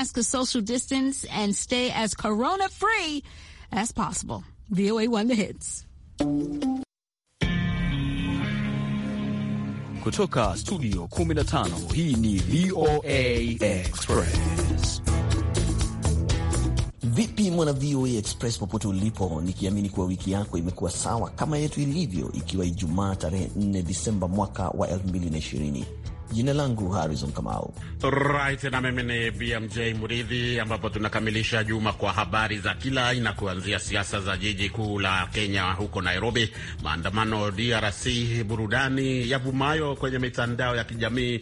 mask to social distance and stay as corona free as possible. VOA won the Hits. Kutoka studio 15 hii ni VOA Express. Vipi mwana VOA Express popote ulipo, nikiamini kuwa wiki yako imekuwa sawa kama yetu ilivyo, ikiwa Ijumaa tarehe 4 Disemba mwaka wa 2020. Jina langu Harrison Kamau. Right, na mimi ni BMJ Muridhi, ambapo tunakamilisha juma kwa habari za kila aina, kuanzia siasa za jiji kuu la Kenya huko Nairobi, maandamano DRC, burudani yavumayo kwenye mitandao ya kijamii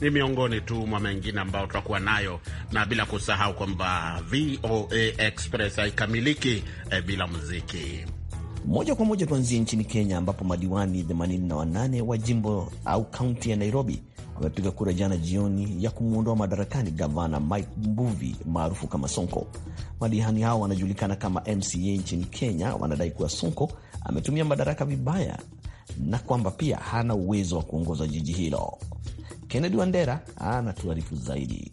ni miongoni tu mwa mengine ambao tutakuwa nayo, na bila kusahau kwamba VOA Express haikamiliki eh, bila muziki. Moja kwa moja tuanzie nchini Kenya, ambapo madiwani 88 wa jimbo au kaunti ya Nairobi wamepiga kura jana jioni ya kumwondoa madarakani gavana Mike Mbuvi maarufu kama Sonko. Madiwani hao wanajulikana kama MCA nchini Kenya, wanadai kuwa Sonko ametumia madaraka vibaya na kwamba pia hana uwezo wa kuongoza jiji hilo. Kennedy Wandera ana tuarifu zaidi.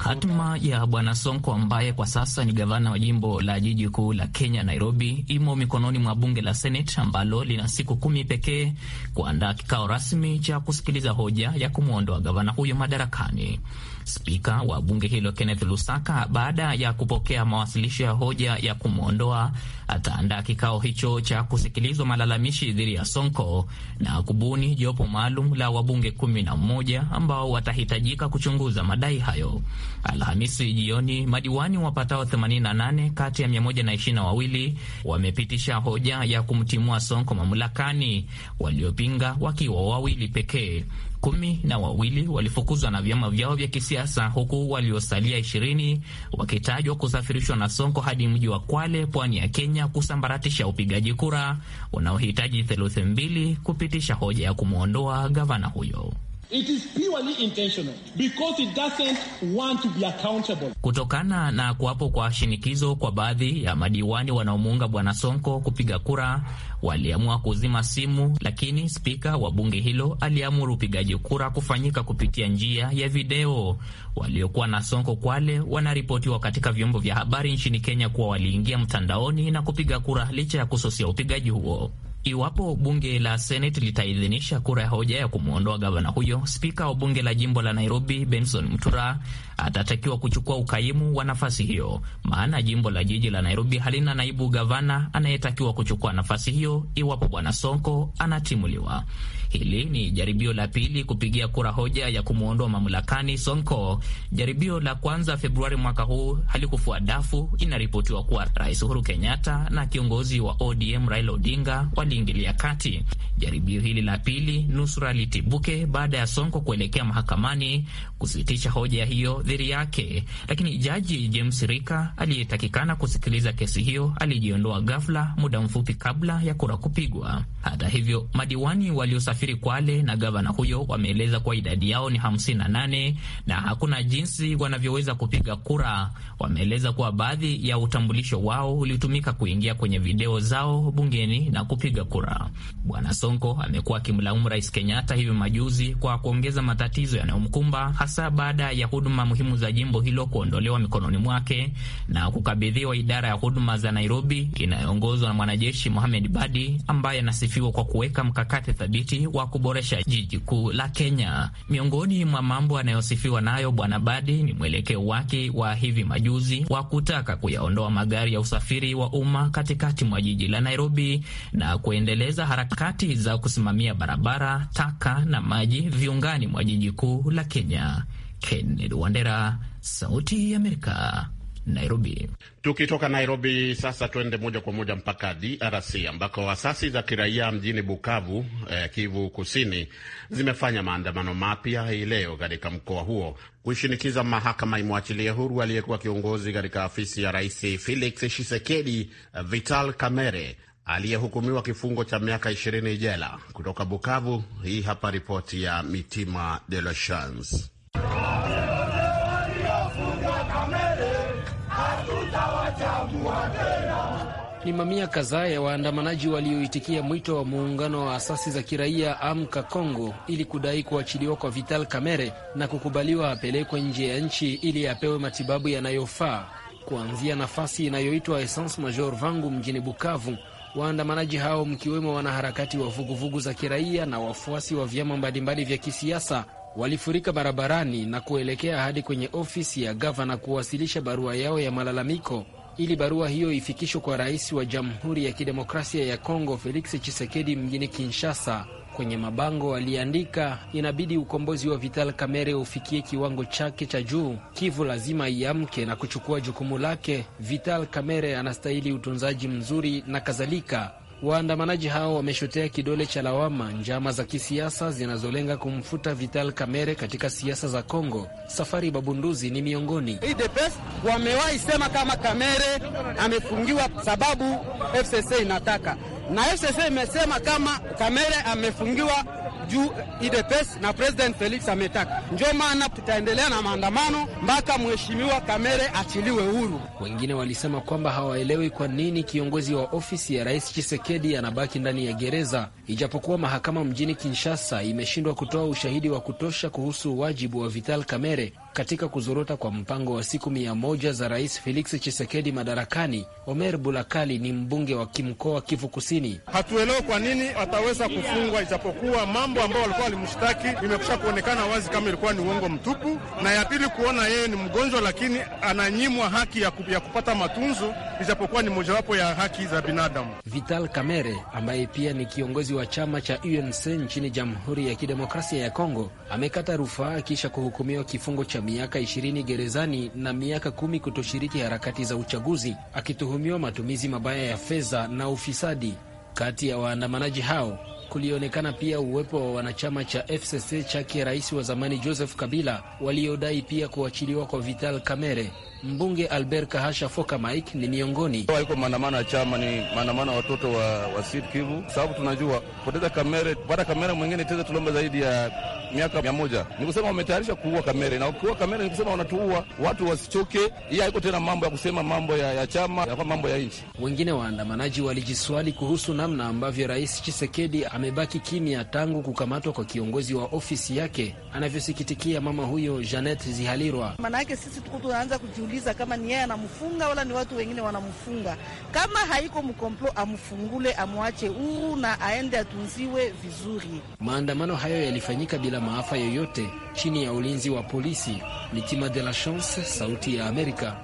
Hatima ya Bwana Sonko ambaye kwa sasa ni gavana wa jimbo la jiji kuu la Kenya, Nairobi, imo mikononi mwa bunge la Senate ambalo lina siku kumi pekee kuandaa kikao rasmi cha kusikiliza hoja ya kumwondoa gavana huyo madarakani. Spika wa bunge hilo Kenneth Lusaka, baada ya kupokea mawasilisho ya hoja ya kumwondoa, ataandaa kikao hicho cha kusikilizwa malalamishi dhidi ya Sonko na kubuni jopo maalum la wabunge kumi na mmoja ambao watahitajika kuchunguza madai hayo. Alhamisi jioni, madiwani wapatao 88 kati ya 122 wamepitisha hoja ya kumtimua Sonko mamlakani, waliopinga wakiwa wawili pekee kumi na wawili walifukuzwa na vyama vyao vya kisiasa huku waliosalia ishirini wakitajwa kusafirishwa na Sonko hadi mji wa Kwale, pwani ya Kenya, kusambaratisha upigaji kura unaohitaji theluthi mbili kupitisha hoja ya kumwondoa gavana huyo. It is purely intentional because it doesn't want to be accountable. Kutokana na kuwapo kwa shinikizo kwa baadhi ya madiwani wanaomuunga Bwana Sonko kupiga kura, waliamua kuzima simu, lakini spika wa bunge hilo aliamuru upigaji kura kufanyika kupitia njia ya video. Waliokuwa na Sonko Kwale wanaripotiwa katika vyombo vya habari nchini Kenya kuwa waliingia mtandaoni na kupiga kura licha ya kususia upigaji huo. Iwapo bunge la Seneti litaidhinisha kura ya hoja ya kumwondoa gavana huyo, spika wa bunge la jimbo la Nairobi Benson Mtura atatakiwa kuchukua ukaimu wa nafasi hiyo, maana jimbo la jiji la Nairobi halina naibu gavana anayetakiwa kuchukua nafasi hiyo iwapo bwana Sonko anatimuliwa. Hili ni jaribio la pili kupigia kura hoja ya kumwondoa mamlakani Sonko. Jaribio la kwanza Februari mwaka huu halikufua dafu. Inaripotiwa kuwa Rais Uhuru Kenyatta na kiongozi wa ODM Raila Odinga wali aliingilia kati. Jaribio hili la pili nusura litibuke baada ya Sonko kuelekea mahakamani kusitisha hoja hiyo dhidi yake, lakini jaji James Rika aliyetakikana kusikiliza kesi hiyo alijiondoa ghafla muda mfupi kabla ya kura kupigwa. Hata hivyo, madiwani waliosafiri Kwale na gavana huyo wameeleza kuwa idadi yao ni 58 na hakuna jinsi wanavyoweza kupiga kura. Wameeleza kuwa baadhi ya utambulisho wao ulitumika kuingia kwenye video zao bungeni na kupiga kupiga kura. Bwana Sonko amekuwa akimlaumu Rais Kenyatta hivi majuzi kwa kuongeza matatizo yanayomkumba hasa baada ya huduma muhimu za jimbo hilo kuondolewa mikononi mwake na kukabidhiwa idara ya huduma za Nairobi inayoongozwa na mwanajeshi Mohamed Badi ambaye anasifiwa kwa kuweka mkakati thabiti wa kuboresha jiji kuu la Kenya. Miongoni mwa mambo anayosifiwa nayo Bwana Badi ni mwelekeo wake wa hivi majuzi wa kutaka kuyaondoa magari ya usafiri wa umma katikati mwa jiji la Nairobi na ku kuendeleza harakati za kusimamia barabara, taka na maji viungani mwa jiji kuu la Kenya. Kennedy Wandera, Sauti ya Amerika, Nairobi. Tukitoka Nairobi sasa tuende moja kwa moja mpaka DRC ambako asasi za kiraia mjini Bukavu, eh, Kivu Kusini zimefanya maandamano mapya hii leo katika mkoa huo kuishinikiza mahakama imwachilie huru aliyekuwa kiongozi katika afisi ya Rais Felix Tshisekedi, eh, Vital Kamerhe aliyehukumiwa kifungo cha miaka ishirini jela. Kutoka Bukavu, hii hapa ripoti ya Mitima de la Chance. Ni mamia kadhaa ya waandamanaji walioitikia mwito wa muungano wa asasi za kiraia Amka congo ili kudai kuachiliwa kwa Vital Kamerhe na kukubaliwa apelekwe nje ya nchi ili apewe matibabu yanayofaa, kuanzia nafasi inayoitwa Essence Major Vangu mjini Bukavu Waandamanaji hao mkiwemo wanaharakati wa vuguvugu za kiraia na wafuasi wa vyama mbalimbali vya kisiasa walifurika barabarani na kuelekea hadi kwenye ofisi ya gavana kuwasilisha barua yao ya malalamiko ili barua hiyo ifikishwe kwa rais wa Jamhuri ya Kidemokrasia ya Kongo Felix Tshisekedi mjini Kinshasa. Kwenye mabango aliyeandika inabidi ukombozi wa Vital Kamerhe ufikie kiwango chake cha juu. Kivu lazima iamke na kuchukua jukumu lake. Vital Kamerhe anastahili utunzaji mzuri na kadhalika. Waandamanaji hao wameshotea kidole cha lawama njama za kisiasa zinazolenga kumfuta Vital Kamerhe katika siasa za Kongo. Safari Babunduzi ni miongoni. UDPS wamewahi sema kama Kamerhe amefungiwa sababu FCC inataka na FCC imesema kama Kamere amefungiwa juu IDPS na President Felix ametaka, ndio maana tutaendelea na maandamano mpaka mheshimiwa Kamere achiliwe huru. Wengine walisema kwamba hawaelewi kwa nini kiongozi wa ofisi ya Rais Chisekedi anabaki ndani ya gereza, ijapokuwa mahakama mjini Kinshasa imeshindwa kutoa ushahidi wa kutosha kuhusu wajibu wa Vital Kamere katika kuzorota kwa mpango wa siku mia moja za Rais Felix Chisekedi madarakani. Omer Bulakali ni mbunge wa kimkoa Kivu Kusini. Hatuelewe kwa nini ataweza kufungwa, ijapokuwa mambo ambayo walikuwa walimshtaki imekusha kuonekana wazi kama ilikuwa ni uongo mtupu, na ya pili kuona yeye ni mgonjwa, lakini ananyimwa haki ya kupata matunzo ijapokuwa ni mojawapo ya haki za binadamu. Vital Kamerhe ambaye pia ni kiongozi wa chama cha UNC nchini Jamhuri ya Kidemokrasia ya Kongo amekata rufaa kisha kuhukumiwa kifungo cha miaka ishirini gerezani na miaka kumi kutoshiriki harakati za uchaguzi akituhumiwa matumizi mabaya ya fedha na ufisadi. Kati ya waandamanaji hao kulionekana pia uwepo wa wanachama cha FCC chake rais wa zamani Joseph Kabila waliodai pia kuachiliwa kwa Vital Kamerhe. Mbunge Albert Kahasha Foka Mike ni miongoni waiko maandamano ya chama, ni maandamano watoto wa, wa Sud Kivu, sababu tunajua poteza Kamere, pata Kamere mwingine teza tulomba zaidi ya miaka mia moja ni kusema wametayarisha kuua Kamere na ukiua Kamere ni kusema wanatuua watu, wasichoke. hiy haiko tena mambo ya kusema mambo ya, ya chama ya mambo ya nchi. Wengine waandamanaji walijiswali kuhusu namna ambavyo Rais Chisekedi amebaki kimya tangu kukamatwa kwa kiongozi wa ofisi yake, anavyosikitikia mama huyo Janet Zihalirwa. Maana sisi tuku tunaanza kujiuliza kuuliza kama ni yeye anamfunga wala ni watu wengine wanamfunga. Kama haiko mkomplo, amfungule amwache huru na aende atunziwe vizuri. Maandamano hayo yalifanyika bila maafa yoyote chini ya ulinzi wa polisi. Mitima de la Chance, Sauti ya Amerika,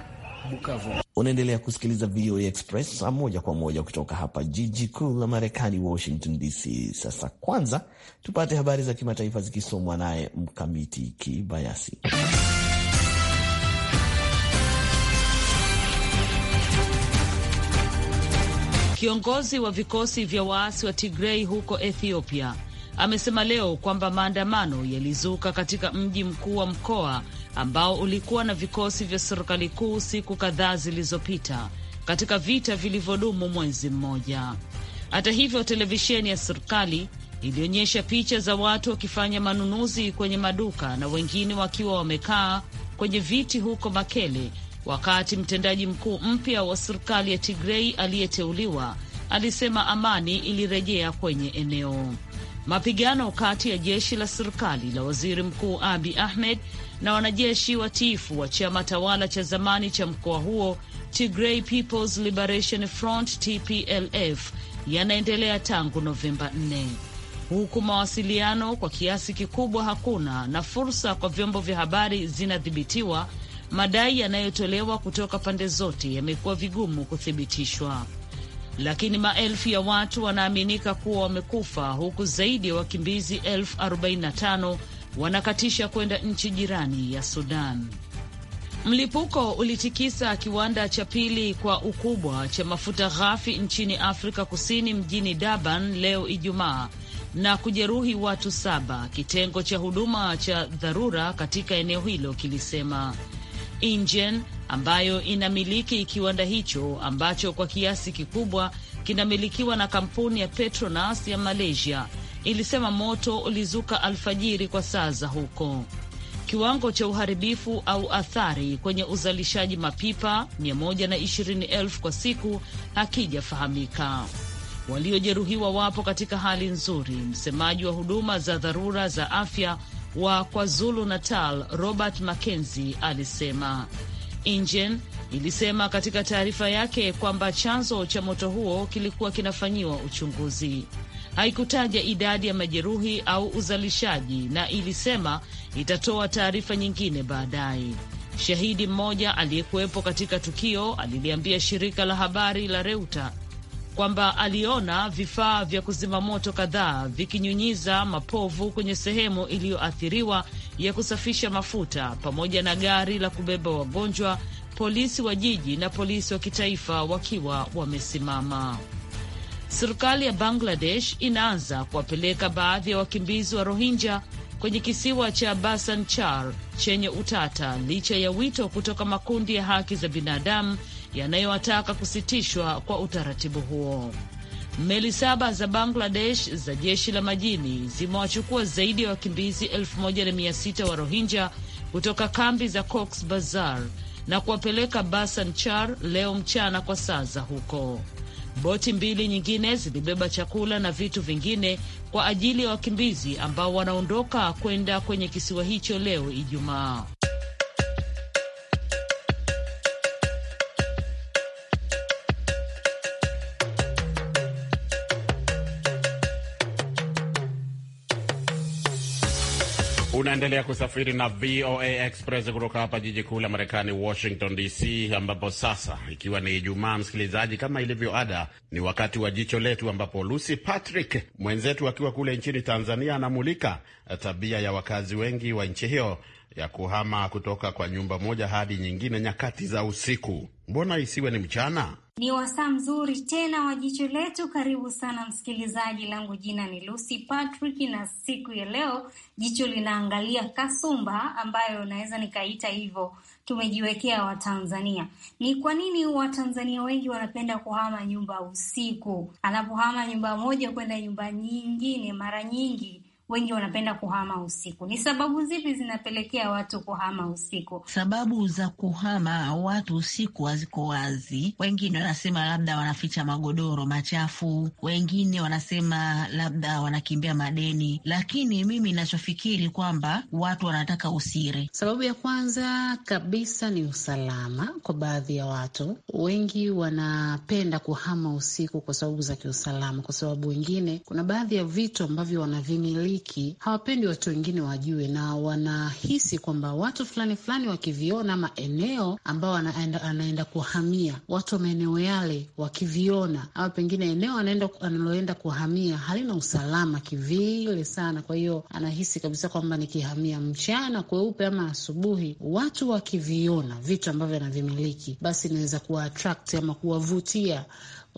Bukavu. Unaendelea kusikiliza VOA Express moja kwa moja kutoka hapa jiji kuu la Marekani, Washington DC. Sasa kwanza tupate habari za kimataifa zikisomwa naye Mkamiti Kibayasi. Kiongozi wa vikosi vya waasi wa Tigrei huko Ethiopia amesema leo kwamba maandamano yalizuka katika mji mkuu wa mkoa ambao ulikuwa na vikosi vya serikali kuu siku kadhaa zilizopita katika vita vilivyodumu mwezi mmoja. Hata hivyo, televisheni ya serikali ilionyesha picha za watu wakifanya manunuzi kwenye maduka na wengine wakiwa wamekaa kwenye viti huko Makele wakati mtendaji mkuu mpya wa serikali ya Tigrei aliyeteuliwa alisema amani ilirejea kwenye eneo. Mapigano kati ya jeshi la serikali la waziri mkuu Abi Ahmed na wanajeshi watiifu wa chama tawala cha zamani cha mkoa huo Tigray People's Liberation Front TPLF yanaendelea tangu Novemba 4 huku mawasiliano kwa kiasi kikubwa hakuna na fursa kwa vyombo vya habari zinadhibitiwa madai yanayotolewa kutoka pande zote yamekuwa vigumu kuthibitishwa, lakini maelfu ya watu wanaaminika kuwa wamekufa huku zaidi ya wakimbizi elfu 45 wanakatisha kwenda nchi jirani ya Sudan. Mlipuko ulitikisa kiwanda cha pili kwa ukubwa cha mafuta ghafi nchini Afrika Kusini mjini Durban leo Ijumaa na kujeruhi watu saba, kitengo cha huduma cha dharura katika eneo hilo kilisema. Ingen ambayo inamiliki kiwanda hicho ambacho kwa kiasi kikubwa kinamilikiwa na kampuni ya Petronas ya Malaysia ilisema moto ulizuka alfajiri kwa saa za huko. Kiwango cha uharibifu au athari kwenye uzalishaji mapipa 120,000 kwa siku hakijafahamika. Waliojeruhiwa wapo katika hali nzuri. Msemaji wa huduma za dharura za afya wa KwaZulu Natal Robert Mackenzie alisema. INGEN ilisema katika taarifa yake kwamba chanzo cha moto huo kilikuwa kinafanyiwa uchunguzi. Haikutaja idadi ya majeruhi au uzalishaji na ilisema itatoa taarifa nyingine baadaye. Shahidi mmoja aliyekuwepo katika tukio aliliambia shirika la habari la reuta kwamba aliona vifaa vya kuzima moto kadhaa vikinyunyiza mapovu kwenye sehemu iliyoathiriwa ya kusafisha mafuta pamoja na gari la kubeba wagonjwa, polisi wa jiji na polisi wa kitaifa wakiwa wamesimama. Serikali ya Bangladesh inaanza kuwapeleka baadhi ya wakimbizi wa Rohingya kwenye kisiwa cha Basan Char chenye utata licha ya wito kutoka makundi ya haki za binadamu yanayowataka kusitishwa kwa utaratibu huo. Meli saba za Bangladesh za jeshi la majini zimewachukua zaidi ya wakimbizi 1600 wa Rohingya kutoka kambi za Cox Bazar na kuwapeleka Basan Char leo mchana kwa saa za huko. Boti mbili nyingine zilibeba chakula na vitu vingine kwa ajili ya wakimbizi ambao wanaondoka kwenda kwenye kisiwa hicho leo Ijumaa. Unaendelea kusafiri na VOA Express kutoka hapa jiji kuu la Marekani, Washington DC, ambapo sasa ikiwa ni Ijumaa, msikilizaji, kama ilivyo ada, ni wakati wa jicho letu, ambapo Lucy Patrick mwenzetu akiwa kule nchini Tanzania anamulika tabia ya wakazi wengi wa nchi hiyo ya kuhama kutoka kwa nyumba moja hadi nyingine nyakati za usiku. Mbona isiwe ni mchana? Ni wasaa mzuri tena wa jicho letu. Karibu sana msikilizaji, langu jina ni Lucy Patrick, na siku ya leo jicho linaangalia kasumba ambayo naweza nikaita hivyo tumejiwekea Watanzania. Ni kwa nini Watanzania wengi wanapenda kuhama nyumba usiku? Anapohama nyumba moja kwenda nyumba nyingine, mara nyingi wengi wanapenda kuhama usiku. Ni sababu zipi zinapelekea watu kuhama usiku? Sababu za kuhama watu usiku haziko wazi. Wengine wanasema labda wanaficha magodoro machafu, wengine wanasema labda wanakimbia madeni, lakini mimi nachofikiri kwamba watu wanataka usiri. Sababu ya kwanza kabisa ni usalama. Kwa baadhi ya watu, wengi wanapenda kuhama usiku kwa sababu za kiusalama, kwa sababu wengine, kuna baadhi ya vitu ambavyo wanavimilia hiki hawapendi watu wengine wajue, na wanahisi kwamba watu fulani fulani wakiviona ama eneo ambao anaenda, anaenda kuhamia watu wa maeneo yale wakiviona, au pengine eneo analoenda kuhamia halina usalama kivile sana. Kwa hiyo anahisi kabisa kwamba nikihamia mchana kweupe ama asubuhi, watu wakiviona vitu ambavyo anavimiliki, basi inaweza kuwa attract ama kuwavutia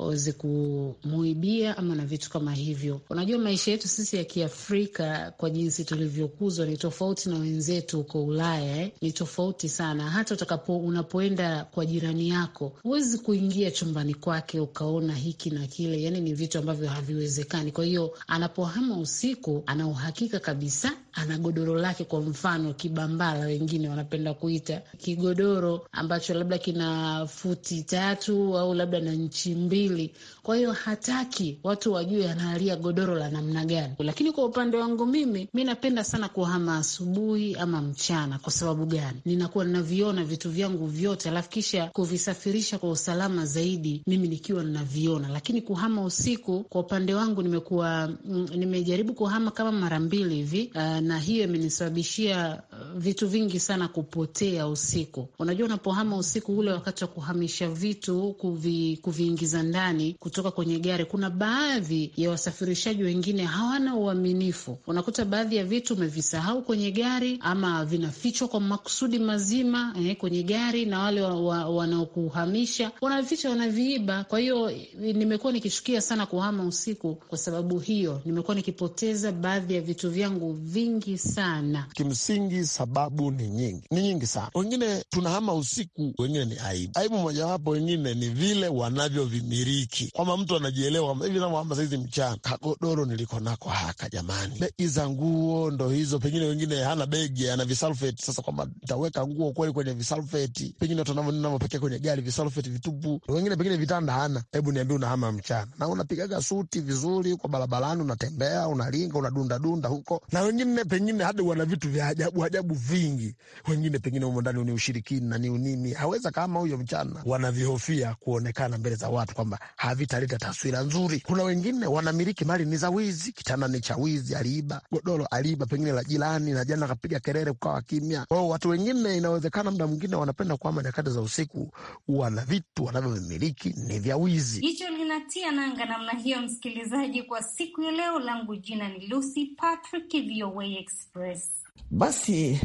waweze kumuibia ama na vitu kama hivyo. Unajua, maisha yetu sisi ya Kiafrika kwa jinsi tulivyokuzwa ni tofauti na wenzetu huko Ulaya eh, ni tofauti sana. Hata utakapo unapoenda kwa jirani yako huwezi kuingia chumbani kwake ukaona hiki na kile, yani ni vitu ambavyo haviwezekani. Kwa hiyo anapohama usiku, ana uhakika kabisa ana godoro lake, kwa mfano kibambala, wengine wanapenda kuita kigodoro ambacho labda kina futi tatu au labda na nchi mbili. Kwa hiyo hataki watu wajue anaalia godoro la namna gani. Lakini kwa upande wangu mimi, mi napenda sana kuhama asubuhi ama mchana. Kwa sababu gani? Ninakuwa ninaviona vitu vyangu vyote, alafu kisha kuvisafirisha kwa usalama zaidi, mimi nikiwa ninaviona. Lakini kuhama usiku, kwa upande wangu nimekuwa mm, nimejaribu kuhama kama mara mbili hivi. Uh, na hiyo imenisababishia uh, vitu vingi sana kupotea usiku. Unajua, unapohama usiku ule wakati wa kuhamisha vitu kuvi, kuviingiza ndani kutoka kwenye gari, kuna baadhi ya wasafirishaji wengine hawana uaminifu. Unakuta baadhi ya vitu umevisahau kwenye gari ama vinafichwa kwa makusudi mazima eh, kwenye gari na wale wanaokuhamisha wa, wa wanavificha wanaviiba. Kwa hiyo eh, nimekuwa nikishukia sana kuhama usiku kwa sababu hiyo, nimekuwa nikipoteza baadhi ya vitu vyangu vingi nyingi sana. Kimsingi sababu ni nyingi, ni nyingi sana. Wengine tunahama usiku, wengine ni aibu. Aibu mojawapo wengine ni vile wanavyovimiriki, kwamba mtu anajielewa hivi navyohama saizi mchana, kagodoro niliko nako haka, jamani, begi za nguo ndo hizo. Pengine wengine hana begi, ana visalfeti. Sasa kwamba ntaweka nguo kweli kwenye visalfeti, pengine tunavyopekea kwenye gari visalfeti vitupu. Wengine pengine vitanda hana. Hebu niambie, unahama mchana na unapigaga suti vizuri kwa barabarani, unatembea, unalinga, unadundadunda huko, na wengine wengine pengine hada wana vitu vya ajabu ajabu vingi, wengine pengine humo ndani ni ushirikini na ni unini, haweza kama huyo mchana wanavihofia kuonekana mbele za watu kwamba havitaleta taswira nzuri. Kuna wengine wanamiliki mali ni za wizi, kitanda ni cha wizi, aliiba godoro, aliiba pengine la jirani, na jana akapiga kelele kukawa kimya. hiyo watu wengine inawezekana mda mwingine wanapenda kwamba nyakati za usiku wana vitu wanavyomiliki ni vya wizi. hicho linatia nanga namna hiyo, msikilizaji, kwa siku ya leo. Langu jina ni Lucy Patrick, VOA Express. Basi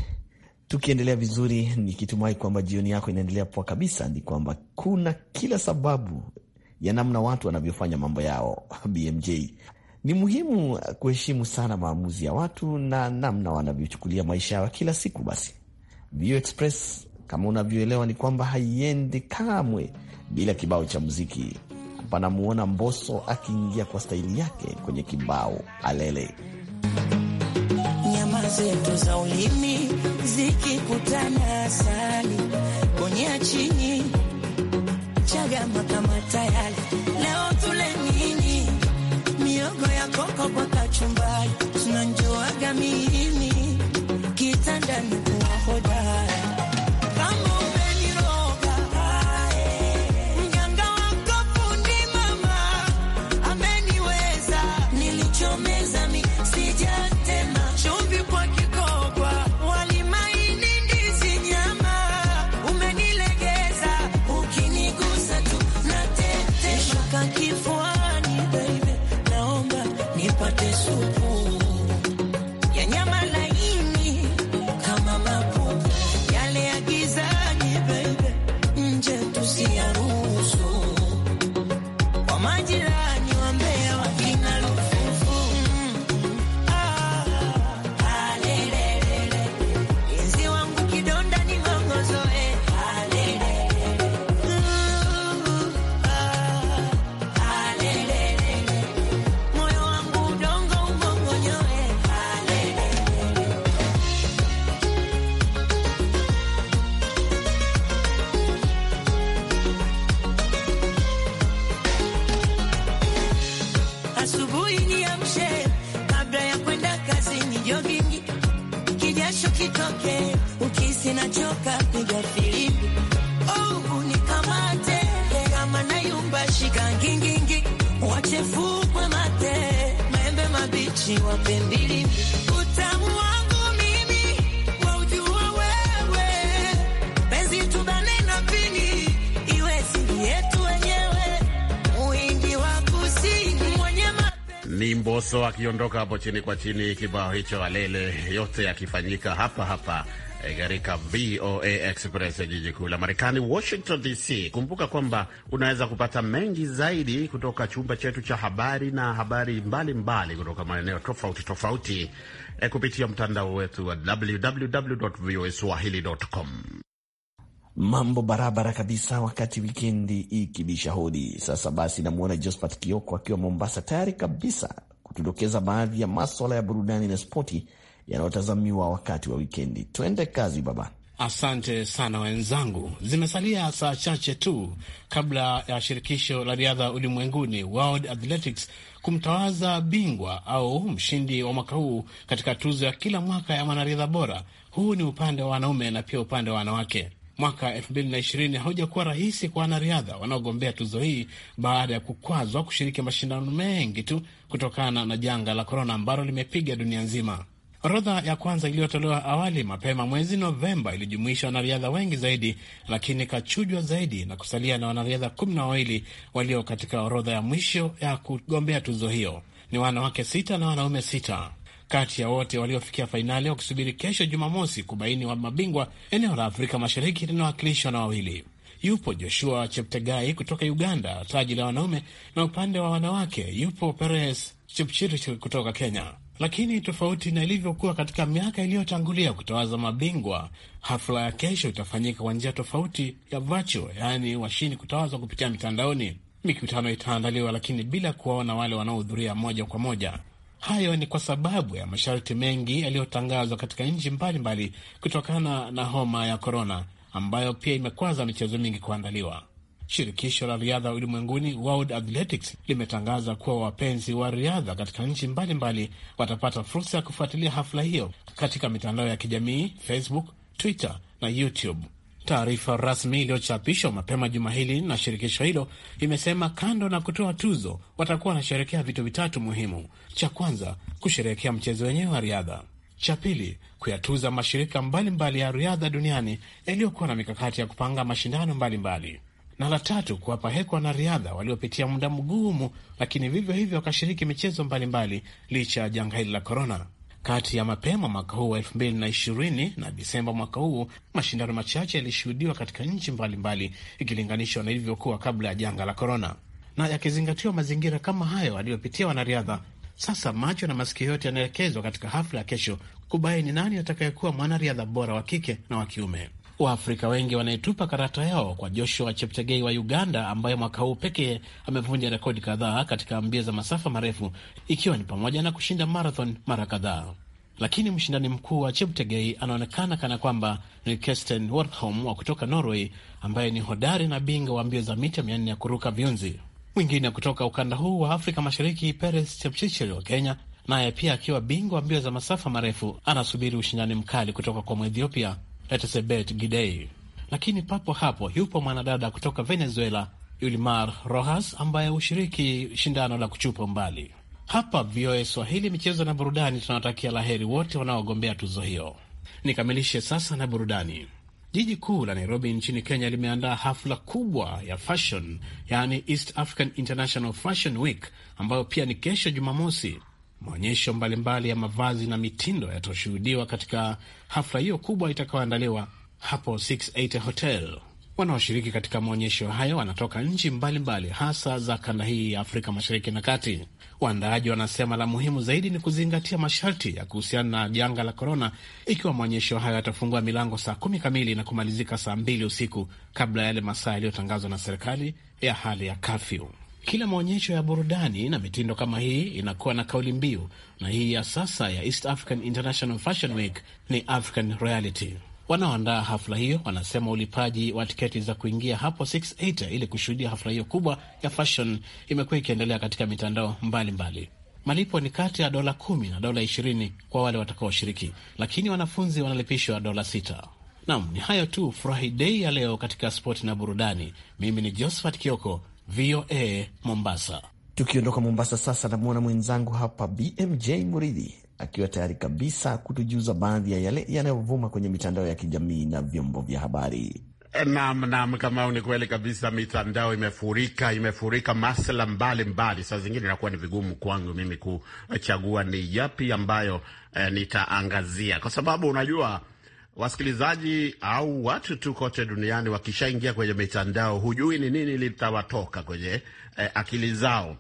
tukiendelea vizuri, nikitumai kwamba jioni yako inaendelea poa kabisa, ni kwamba kuna kila sababu ya namna watu wanavyofanya mambo yao. BMJ ni muhimu kuheshimu sana maamuzi ya watu na namna wanavyochukulia maisha yao kila siku. Basi Vio Express kama unavyoelewa ni kwamba haiendi kamwe bila kibao cha muziki. Panamuona Mboso akiingia kwa staili yake kwenye kibao Alele zetu za ulimi zikikutana asali gonya chini ni Mboso akiondoka hapo chini kwa chini, kibao hicho alele, yote yakifanyika hapa hapa eh, katika VOA Express ya jiji kuu la Marekani, Washington DC. Kumbuka kwamba unaweza kupata mengi zaidi kutoka chumba chetu cha habari na habari mbalimbali mbali kutoka maeneo tofauti tofauti, e, kupitia mtandao wetu wa www voa swahili.com. Mambo barabara kabisa, wakati wikendi ikibisha hodi. Sasa basi, namwona Josephat Kioko akiwa Mombasa tayari kabisa kutudokeza baadhi ya maswala ya burudani na spoti yanayotazamiwa wakati wa wikendi. Twende kazi baba. Asante sana wenzangu, zimesalia saa chache tu kabla ya shirikisho la riadha ulimwenguni World Athletics kumtawaza bingwa au mshindi wa mwaka huu katika tuzo ya kila mwaka ya mwanariadha bora. Huu ni upande wa wanaume na pia upande wa wanawake mwaka elfu mbili na ishirini haujakuwa rahisi kwa wanariadha wanaogombea tuzo hii baada ya kukwazwa kushiriki mashindano mengi tu kutokana na janga la korona ambalo limepiga dunia nzima. Orodha ya kwanza iliyotolewa awali mapema mwezi Novemba ilijumuisha wanariadha wengi zaidi, lakini ikachujwa zaidi na kusalia na wanariadha kumi na wawili walio katika orodha ya mwisho ya kugombea tuzo hiyo. Ni wanawake sita na wanaume sita kati ya wote waliofikia fainali wakisubiri kesho Jumamosi kubaini wa mabingwa eneo la Afrika Mashariki linawakilishwa na wawili. Yupo Joshua Cheptegai kutoka Uganda, taji la wanaume, na upande wa wanawake yupo Peres Chipchirich kutoka Kenya. Lakini tofauti na ilivyokuwa katika miaka iliyotangulia kutawaza mabingwa, hafla ya kesho itafanyika kwa njia tofauti ya vacho, yaani washindi kutawazwa kupitia mitandaoni. Mikutano itaandaliwa, lakini bila kuwaona wale wanaohudhuria moja kwa moja. Hayo ni kwa sababu ya masharti mengi yaliyotangazwa katika nchi mbalimbali kutokana na homa ya korona ambayo pia imekwaza michezo mingi kuandaliwa. Shirikisho la riadha ulimwenguni World Athletics limetangaza kuwa wapenzi wa riadha katika nchi mbalimbali watapata fursa ya kufuatilia hafla hiyo katika mitandao ya kijamii Facebook, Twitter na YouTube. Taarifa rasmi iliyochapishwa mapema juma hili na shirikisho hilo imesema kando na kutoa tuzo, watakuwa wanasherekea vitu vitatu muhimu: cha kwanza kusherehekea mchezo wenyewe wa riadha, cha pili kuyatuza mashirika mbalimbali mbali ya riadha duniani yaliyokuwa na mikakati ya kupanga mashindano mbalimbali mbali. Na la tatu kuwapa heko wanariadha waliopitia muda mgumu, lakini vivyo hivyo wakashiriki michezo mbalimbali mbali, licha ya janga hili la korona. Kati ya mapema mwaka huu wa elfu na ishirini na Disemba mwaka huu, mashindano machache yalishuhudiwa katika nchi mbalimbali ikilinganishwa na ilivyokuwa kabla ya janga la korona, na yakizingatiwa mazingira kama hayo aliyopitia wanariadha sasa macho na masikio yote yanaelekezwa katika hafla ya kesho kubaini nani atakayekuwa mwanariadha bora wa kike na wa kiume. Waafrika wengi wanaitupa karata yao kwa Joshua Cheptegei wa Uganda, ambaye mwaka huu pekee amevunja rekodi kadhaa katika mbio za masafa marefu, ikiwa ni pamoja na kushinda marathon mara kadhaa. Lakini mshindani mkuu wa Cheptegei anaonekana kana kwamba ni Kirsten Warholm wa kutoka Norway, ambaye ni hodari na bingwa wa mbio za mita mia nne ya kuruka viunzi. Mwingine kutoka ukanda huu wa Afrika Mashariki, Peres Chepchirchir wa Kenya, naye pia akiwa bingwa mbio za masafa marefu, anasubiri ushindani mkali kutoka kwa Mwethiopia Letsebet Gidei. Lakini papo hapo yupo mwanadada kutoka Venezuela, Yulimar Rojas, ambaye hushiriki shindano la kuchupa mbali. Hapa VOA Swahili michezo na burudani, tunawatakia laheri wote wanaogombea tuzo hiyo. Nikamilishe sasa na burudani. Jiji kuu la Nairobi nchini Kenya limeandaa hafla kubwa ya fashion, yani East African International Fashion Week, ambayo pia ni kesho Jumamosi. Maonyesho mbalimbali ya mavazi na mitindo yatashuhudiwa katika hafla hiyo kubwa itakayoandaliwa hapo 68 Hotel. Wanaoshiriki katika maonyesho hayo wanatoka nchi mbalimbali, hasa za kanda hii ya Afrika Mashariki na Kati. Waandaaji wanasema la muhimu zaidi ni kuzingatia masharti ya kuhusiana na janga la korona, ikiwa maonyesho hayo yatafungua milango saa kumi kamili na kumalizika saa mbili usiku kabla ya yale masaa yaliyotangazwa na serikali ya hali ya kafyu. Kila maonyesho ya burudani na mitindo kama hii inakuwa na kauli mbiu, na hii ya sasa ya East African International Fashion Week ni African Reality. Wanaoandaa hafla hiyo wanasema ulipaji wa tiketi za kuingia hapo 68 ili kushuhudia hafla hiyo kubwa ya fashion imekuwa ikiendelea katika mitandao mbalimbali. Malipo ni kati ya dola kumi na dola ishirini kwa wale watakaoshiriki, lakini wanafunzi wanalipishwa dola sita. Nam, ni hayo tu furahi dei ya leo katika spoti na burudani. Mimi ni Josephat Kioko, VOA Mombasa. Tukiondoka Mombasa sasa, namwona mwenzangu hapa BMJ Muridhi akiwa tayari kabisa kutujuza baadhi ya yale yanayovuma kwenye mitandao ya kijamii na vyombo vya habari. Nam nam, kama ni kweli kabisa, mitandao imefurika, imefurika masala mbalimbali. Saa zingine inakuwa ni vigumu kwangu mimi kuchagua ni yapi ambayo eh, nitaangazia kwa sababu unajua wasikilizaji au watu tu kote duniani wakishaingia kwenye mitandao, hujui ni nini litawatoka kwenye eh, akili zao.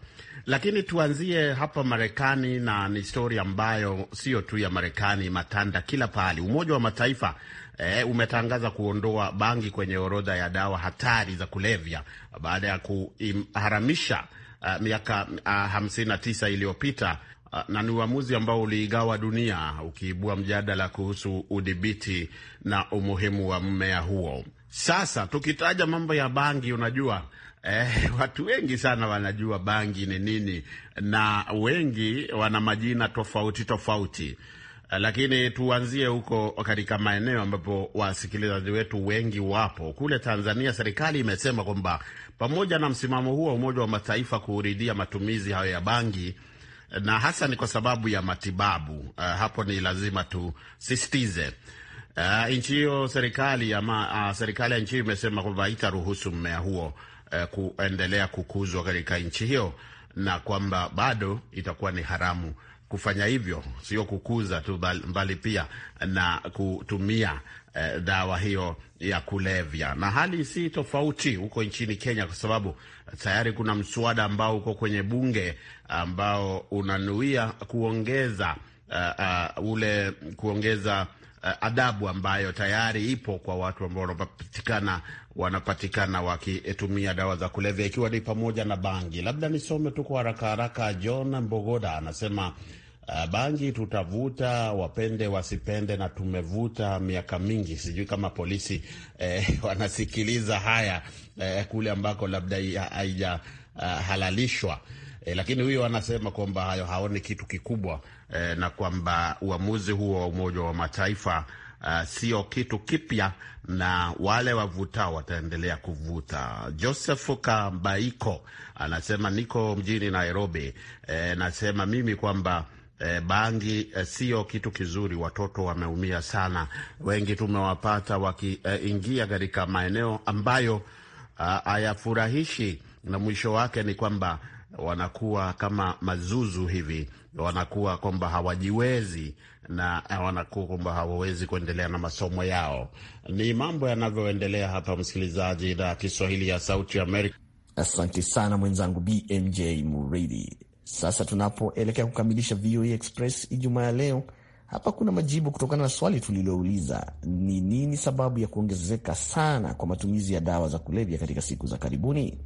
Lakini tuanzie hapa Marekani, na ni stori ambayo sio tu ya Marekani, matanda kila pahali. Umoja wa Mataifa E, umetangaza kuondoa bangi kwenye orodha ya dawa hatari za kulevya baada ya kuharamisha uh, eh, miaka uh, eh, 59 tisa iliyopita uh, na ni uamuzi ambao uliigawa dunia ukiibua mjadala kuhusu udhibiti na umuhimu wa mmea huo. Sasa tukitaja mambo ya bangi, unajua Eh, watu wengi sana wanajua bangi ni nini na wengi wana majina tofauti tofauti, eh, lakini tuanzie huko katika maeneo ambapo wasikilizaji wetu wengi wapo. Kule Tanzania, serikali imesema kwamba pamoja na msimamo huo wa Umoja wa Mataifa kuridhia matumizi hayo ya bangi na hasa ni kwa sababu ya matibabu uh, hapo ni lazima tusisitize uh, nchi hiyo serikali ama uh, ah, serikali ya nchi hiyo imesema kwamba haitaruhusu mmea huo eh, kuendelea kukuzwa katika nchi hiyo, na kwamba bado itakuwa ni haramu kufanya hivyo, sio kukuza tu mbali pia na kutumia eh, dawa hiyo ya kulevya. Na hali si tofauti huko nchini Kenya, kwa sababu tayari kuna mswada ambao uko kwenye bunge ambao unanuia kuongeza uh, uh, ule kuongeza Eh, adabu ambayo tayari ipo kwa watu ambao wanapatikana wanapatikana wakitumia dawa za kulevya ikiwa ni pamoja na bangi. Labda nisome tu kwa haraka haraka. John Mbogoda anasema uh, bangi tutavuta, wapende wasipende, na tumevuta miaka mingi. Sijui kama polisi eh, wanasikiliza haya eh, kule ambako labda haijahalalishwa eh, lakini huyo anasema kwamba hayo haoni kitu kikubwa eh, na kwamba uamuzi huo wa Umoja wa Mataifa uh, sio kitu kipya na wale wavutao wataendelea kuvuta. Joseph Kambaiko anasema niko mjini Nairobi, eh, nasema mimi kwamba E, bangi e, sio kitu kizuri. Watoto wameumia sana, wengi tumewapata wakiingia e, katika maeneo ambayo ah, hayafurahishi, na mwisho wake ni kwamba wanakuwa kama mazuzu hivi, wanakuwa kwamba hawajiwezi na wanakuwa kwamba hawawezi kuendelea na masomo yao. Ni mambo yanavyoendelea hapa, msikilizaji, idhaa ya Kiswahili ya Sauti Amerika. Asante sana mwenzangu BMJ Muridi. Sasa tunapoelekea kukamilisha VOA e Express Ijumaa ya leo, hapa kuna majibu kutokana na swali tulilouliza: ni nini sababu ya kuongezeka sana kwa matumizi ya dawa za kulevya katika siku za karibuni?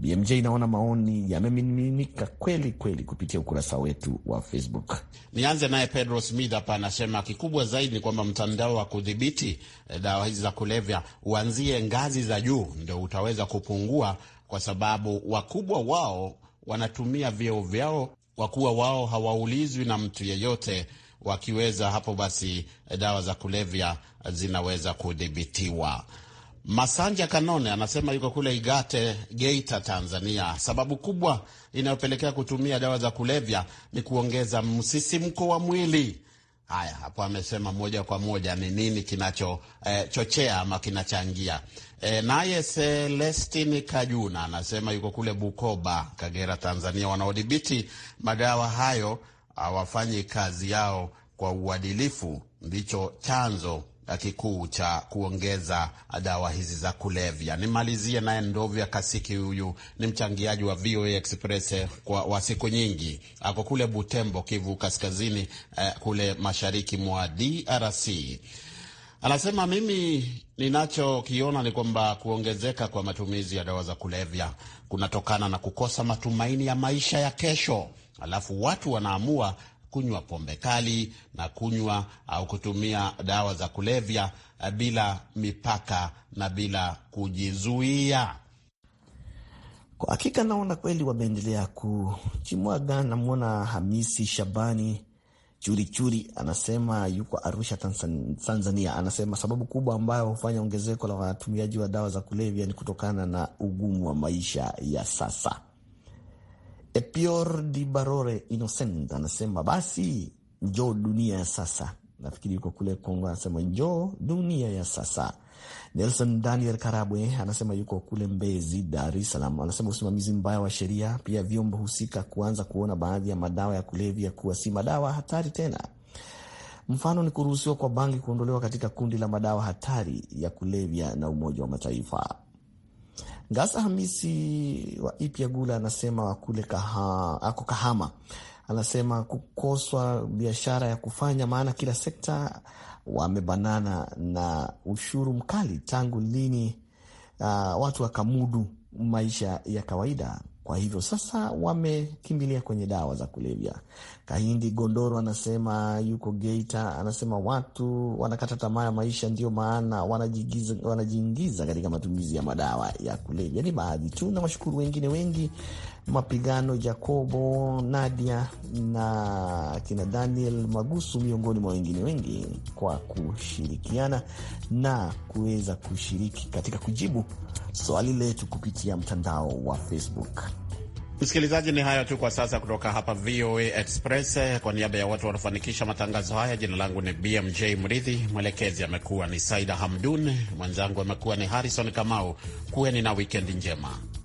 BMJ inaona maoni yamemiminika kweli kweli kupitia ukurasa wetu wa Facebook. Nianze naye Pedro Smith hapa anasema kikubwa zaidi ni kwamba mtandao wa kudhibiti eh, dawa hizi za kulevya uanzie ngazi za juu, ndio utaweza kupungua, kwa sababu wakubwa wao wanatumia vyeo vyao, wakuwa wao hawaulizwi na mtu yeyote. Wakiweza hapo, basi eh, dawa za kulevya zinaweza kudhibitiwa. Masanja Kanone anasema yuko kule Igate, Geita, Tanzania. Sababu kubwa inayopelekea kutumia dawa za kulevya ni kuongeza msisimko wa mwili. Haya, hapo amesema moja kwa moja ni nini kinachochochea eh, ama kinachangia eh. Naye Celestini Kajuna anasema yuko kule Bukoba, Kagera, Tanzania. Wanaodhibiti madawa hayo hawafanyi kazi yao kwa uadilifu, ndicho chanzo Eh, kikuu cha kuongeza dawa hizi za kulevya. Nimalizie naye Ndovya Kasiki, huyu ni mchangiaji wa VOA Express eh, kwa wa siku nyingi, ako kule Butembo, Kivu Kaskazini, eh, kule mashariki mwa DRC. Anasema mimi ninachokiona ni kwamba kuongezeka kwa matumizi ya dawa za kulevya kunatokana na kukosa matumaini ya maisha ya kesho, alafu watu wanaamua kunywa pombe kali na kunywa au kutumia dawa za kulevya eh, bila mipaka na bila kujizuia. Kwa hakika naona kweli wameendelea kuchimwaga. Namwona Hamisi Shabani Churichuri anasema yuko Arusha, Tanzania. Anasema sababu kubwa ambayo hufanya ongezeko la watumiaji wa dawa za kulevya ni kutokana na ugumu wa maisha ya sasa. Epior Di Barore Innocent anasema basi njoo dunia ya e sasa. Nafikiri yuko kule Kongo, anasema njoo dunia ya e sasa. Nelson Daniel Karabwe anasema yuko kule Mbezi, Dar es Salaam, anasema usimamizi mbaya wa sheria, pia vyombo husika kuanza kuona baadhi ya madawa ya kulevya kuwa si madawa hatari tena. Mfano ni kuruhusiwa kwa bangi kuondolewa katika kundi la madawa hatari ya kulevya na Umoja wa Mataifa. Gasa Hamisi wa Ipya Gula anasema kule kaha, ako Kahama, anasema kukoswa biashara ya kufanya, maana kila sekta wamebanana na ushuru mkali. Tangu lini uh, watu wakamudu maisha ya kawaida kwa hivyo sasa wamekimbilia kwenye dawa za kulevya. Kahindi Gondoro anasema yuko Geita, anasema watu wanakata tamaa ya maisha, ndio maana wanajiingiza katika matumizi ya madawa ya kulevya. Ni baadhi tu na washukuru wengine wengi mapigano Jacobo Nadia na kina Daniel Magusu miongoni mwa wengine wengi kwa kushirikiana na kuweza kushiriki katika kujibu swali letu kupitia mtandao wa Facebook. Msikilizaji, ni hayo tu kwa sasa kutoka hapa VOA Express. Kwa niaba ya watu wanaofanikisha matangazo haya, jina langu ni BMJ Mridhi, mwelekezi amekuwa ni Saida Hamdun, mwenzangu amekuwa ni Harrison Kamau. Kuweni na wikendi njema.